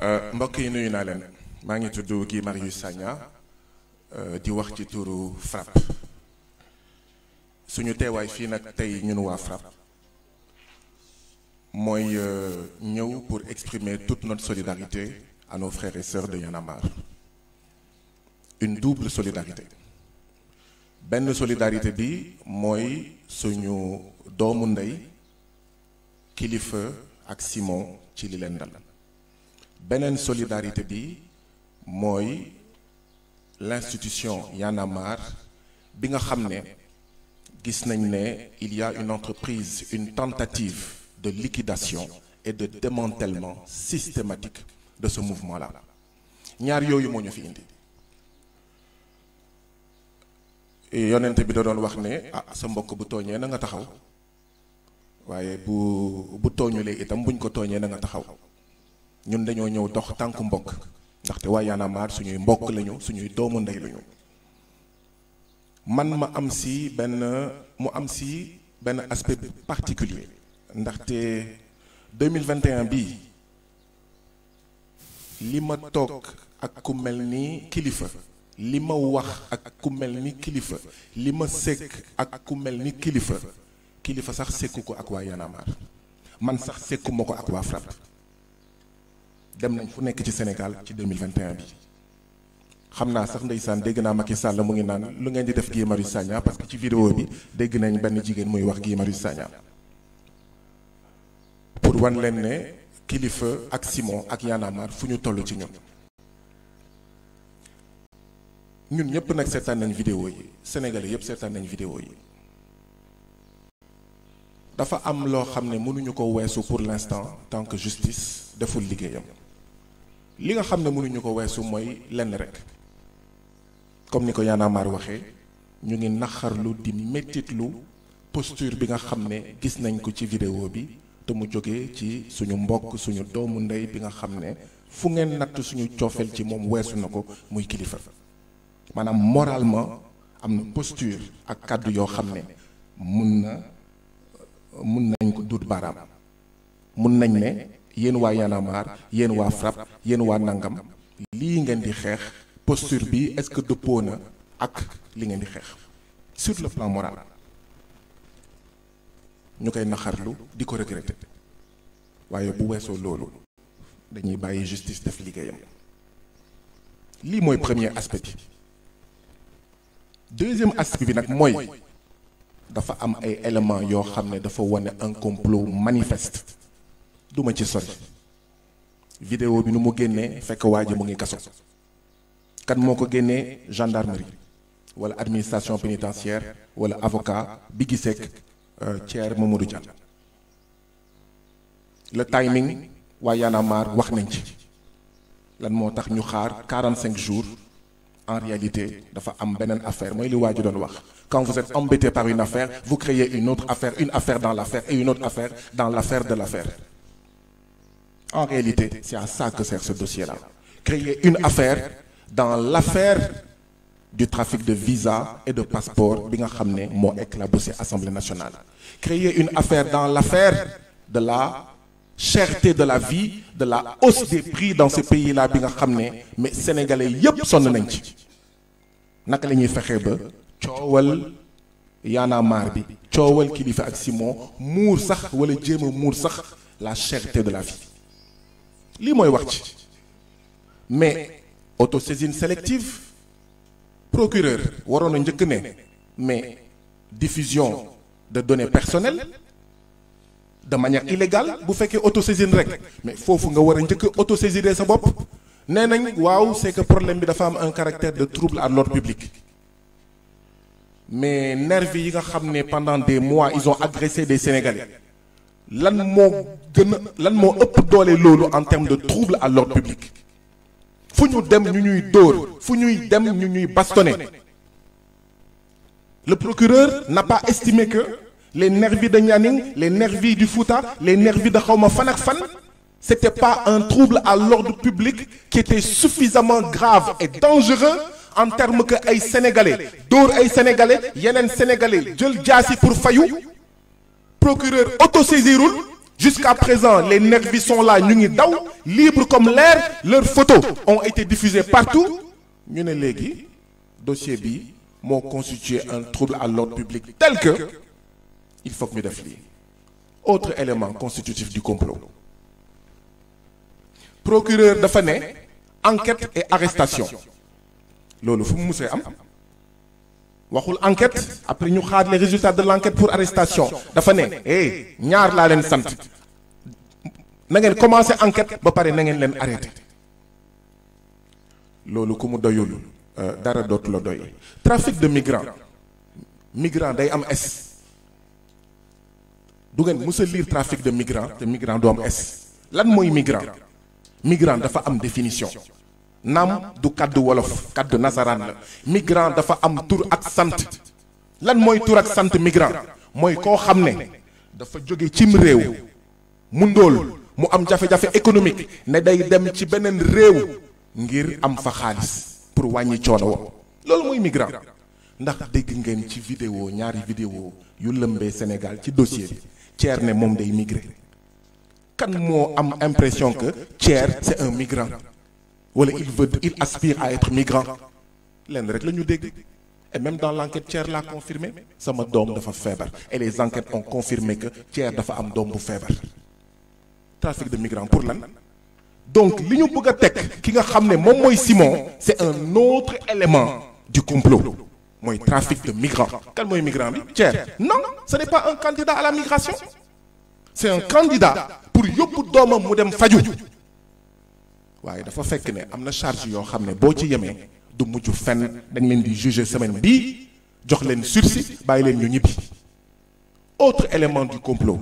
Euh, mbokk yi nuyu naa leen maa ngi tudd Guy Marius euh, di wax ci turu FRAPP suñu teewaay fi nak tay ñun wa FRAPP moy euh, ñew pour exprimer toute notre solidarité à nos frères et sœurs de Yanamar. une double solidarité benn solidarité bi moy suñu doomu ndey kilifa ak Simon ci li len dal Benen solidarité bi moy l'institution Yanamar, a bi nga gis il y a une entreprise une tentative de liquidation et de démantèlement systématique de ce mouvement-là ñaar yoyu moo ñu fi indi yonent bi da doon wax né ah sa mbokk bu togné na nga taxaw waaye bu bu itam buñ ko togné na nga ñun dañoo ñëw dox tànku mbokk ndaxte suñuy mbokk lañu suñuy doomu man ma am si benn mu am si aspect particulier ndaxte 2021 ak ku ni kilifa li ma wax ak ku kilifa li ak ku kilifa kilifa sax sekku ko ak man sax sekku dem nañ fu nekk ci Sénégal ci 2021 bi xam naa sax ndeysaan dégg naa Macky Sall mu ngi naan lu ngeen di def Guy Marius Sagna parce que ci vidéo bi dégg nañ benn jigéen muy wax Guy Marius Sagna pour wan leen ne kilifa ak Simon ak Y'en a fu ñu toll ci ñun. ñun ñëpp nag seetaan nañ vidéo yi sénégalais yëpp seetaan nañ vidéo yi. dafa am loo xam ne mënuñu ko weesu pour l'instant tant que justice deful liggéeyam. li nga xam ne mënuñu ko weesu mooy lenn rek comme ni ko Y'en a waxee ñu ngi naqarlu di mettitlu posture bi nga xam ne gis nañ ko ci vidéo bi te mu jóge ci suñu mbokk suñu doomu ndey bi nga xam ne fu ngeen natt suñu coofeel ci moom weesu na ko muy kilifa maanaam moralement am na posture ak kàddu yoo xam ne mun na mun nañ ko duut baaraam mun nañ ne yéen wa Y en wa marre yéen wa Nangam Li ngeen di posture bi est-ce que ak li ngeen di xeex sur le plan moral ñu koy naxarlu di ko regretter Waye bu weesoo loolu dañuy baye justice def liggéeyam Li mooy premier aspect bi deuxième aspect bi nag dafa am ay éléments yo xam dafa wane un complot manifeste duma ma ci sori vidéo bi nu mu génnee fekk waa ji mu ngi kaso kan moo ko la gendarmerie wala administration pénitentiaire wala avocat bi giseek euh, Thierre Mamadou le timing wa Y'en a je wax nañ ci lan moo tax ñu xaar 45 jours en réalité dafa am une affaire moy li waa wax quand vous êtes embêté par une affaire vous créez une autre affaire une affaire dans l'affaire et une autre affaire dans l'affaire de l'affaire en réalité, c'est à ça que sert ce dossier-là. Créer une affaire dans l'affaire du trafic de visa et de passeport bi Assemblée nationale. Créer une affaire dans l'affaire de la cherté de la vie de la hausse des prix dans ce pays-là bi nga mais sénégalais yep là. la marbi, Simon la cherté de la vie mais autosaisine sélective procureur mais diffusion de données personnelles de manière illégale bu faites autosaisine rek mais fofu nga war a que autosaisir sa bop nee nañ c'est que problème la femme am un caractère de trouble à l'ordre public mais nervi yi pendant des mois ils ont agressé des Sénégalais lan mo gëna lan mo en termes de trouble à l'ordre public fu dem ñu ñuy dóor fu dem ñu ñuy bastonner le procureur n'a pas estimé que les nervis de Nianing les nervis du Fouta les nervis de xawma fan ce n'était c'était pas un trouble à l'ordre public qui était suffisamment grave et dangereux en termes que les sénégalais d'or ay sénégalais Yenen sénégalais jël jaasi pour fayu procureur saisir jusqu'à présent les nervis sont là nous libres comme l'air leurs photos ont été diffusées partout Nous dossiers dossier bi m'ont constitué un trouble à l'ordre public tel que il faut que nous autre élément constitutif du complot procureur de enquête et arrestation waxul enquête après ñu xaar les résultats de l'enquête pour arrestation dafa ne eh ñaar la leen sant na ngeen commencé enquête ba pare na ngeen leen arrêté loolu ku mu doyul euh, dara dootu la doy trafic de migrants Migrants day am S du ngeen mës lire trafic de migrants te migrant du am S lan mooy migrant migrant dafa am définition naam du kàddu wolof kàddu nasaraan la migrant dafa am tur ak sant lan mooy tur ak sant migrant mooy koo xam ne dafa jóge cim réew mu ndóol mu am jafe-jafe économique ne day dem ci beneen réew ngir am fa xaalis pour wàññi coono wo loolu mooy migrant ndax dégg ngeen ci vidéo ñaari vidéo yu lëmbee Sénégal ci dossier bi Thier ne moom day migré kan moo am impression que Thier c'est un migrant Ou il aspire à être migrant et même dans l'enquête, tierre l'a confirmé Ça doom une faible. et les enquêtes ont confirmé que Thier dafa am doom trafic de migrants pour lan donc l'Union qui a ramené ki nga Simon un autre élément du complot trafic de migrants est mooy migrant bi non ce n'est pas un candidat à la migration C'est un candidat pour yóbbu qui mu waaye dafa fekk ne am na charge yoo xam ne boo ci yemee du mujj fenn dañ leen di juger semaine bii jox leen sursis bàyyi leen ñu ñibbi autre élément du complot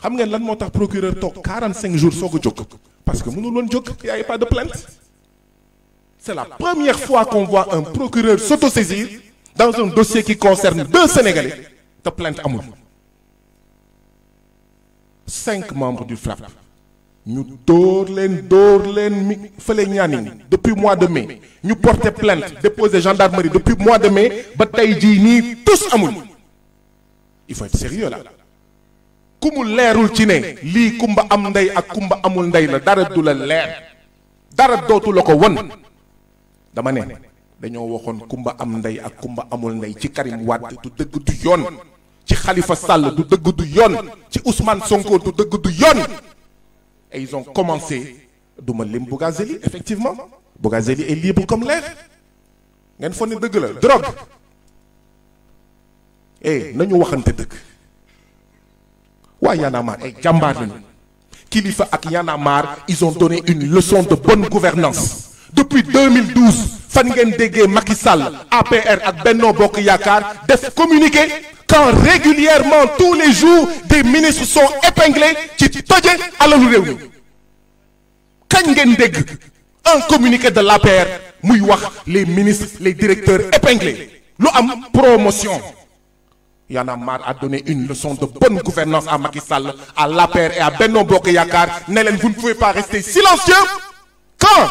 xam ngeen lan moo tax procureur toog 45 jours soog a jóg parce que mënul woon jóg y a pas de plainte c'est la première fois qu'on voit un procureur s'autosaisir dans un dossier qui concerne deux Sénégalais te plainte amul cinq membres du FRAP. Nous dorlons leen dóor les depuis mois de mai nous portons plainte déposé gendarmerie depuis le mois de mai bataille tey tous il faut être sérieux là ku l'air ci kumba am à kumba amul vous la dara du la dara won dama kumba am akumba ak kumba amul ndey Karim du dëgg du Khalifa Sall du de du Ousmane Sonko et ils ont commencé. Doumalim Bougazeli, effectivement. Bougazeli est libre comme l'air. vous foog la drogue eh nous avons dëgg waa Y'en mar marre ay eh, jàmbaar ils ont donné une leçon de bonne gouvernance depuis 2012 fan Makissal, APR ak Benno Bokk régulièrement tous les jours des ministres sont épinglés qui à un communiqué de l'APR paire les ministres les directeurs épinglés nous am promotion Y en a marre à donner une leçon de bonne gouvernance à Macky Sall, à l'APR et à Benno Bokk Yakaar vous ne pouvez pas rester silencieux quand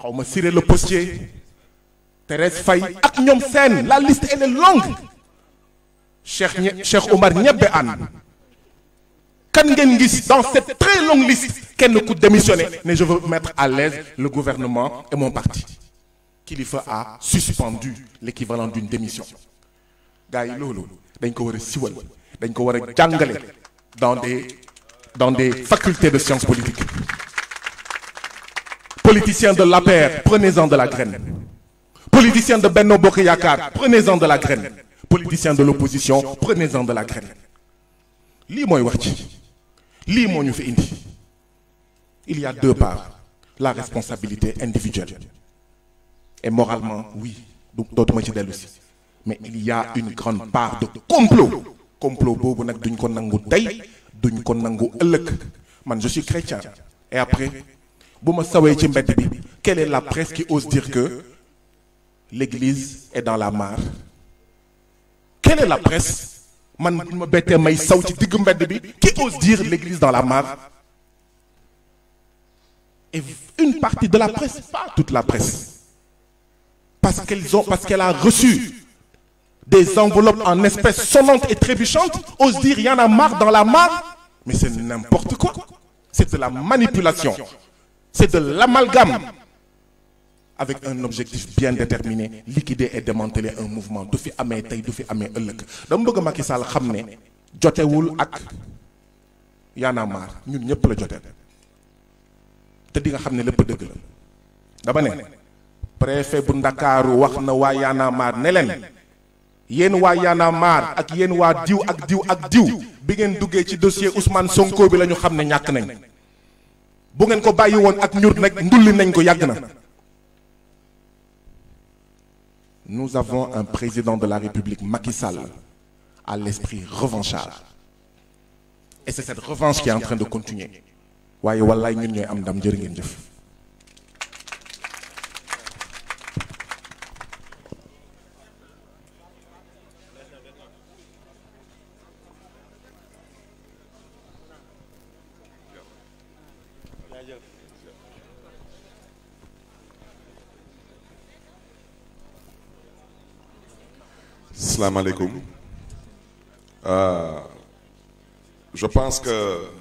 xaw ma le postier Thérèse Faye ak Sen, la liste est longue Cher Cheikh Omar ñebbe an kan ngeen dans cette très longue liste ne coûte démissionner. Mais je veux mettre à l'aise le gouvernement et mon parti lui a suspendu l'équivalent d'une démission gars yi dans des dans des facultés de sciences politiques Politicien de la paix, prenez-en de la graine. Politicien de Benno Bokeyakar, prenez-en de la graine. Politicien de l'opposition, prenez-en de la graine. Li moi wax ci. moi Il y a deux parts. La responsabilité individuelle. Et moralement, oui, d'autres Mais il y a une grande part de complot. Complot bobu nak duñ ko tay, Man je suis chrétien. Et après quelle est la presse qui ose dire que l'église est dans la mare quelle est la presse qui ose dire l'église dans la mare et une partie de la presse pas toute la presse parce ont qu'elle a reçu des enveloppes en espèces sonnantes et trébuchantes ose dire il y en a marre dans la mare mais c'est n'importe quoi c'est de la manipulation c'est de l'amalgame avec un objectif bien déterminé, liquider et démanteler un mouvement. Du fi amé tay, du fi amé ëlëk. Dama bëgg Macky Sall xamné jotéwul ak yana mar, ñun ñëpp la a di nga xamné lepp la. né préfet bu wax na Mar ne un Mar ak Il ak diw ak diw bi ngeen un dossier Ousmane Sonko bi la que nous avons un président de la République Macky Sall à l'esprit revanchard et c'est cette revanche qui est en train de continuer ñun am Salam alaikum. Euh, je pense que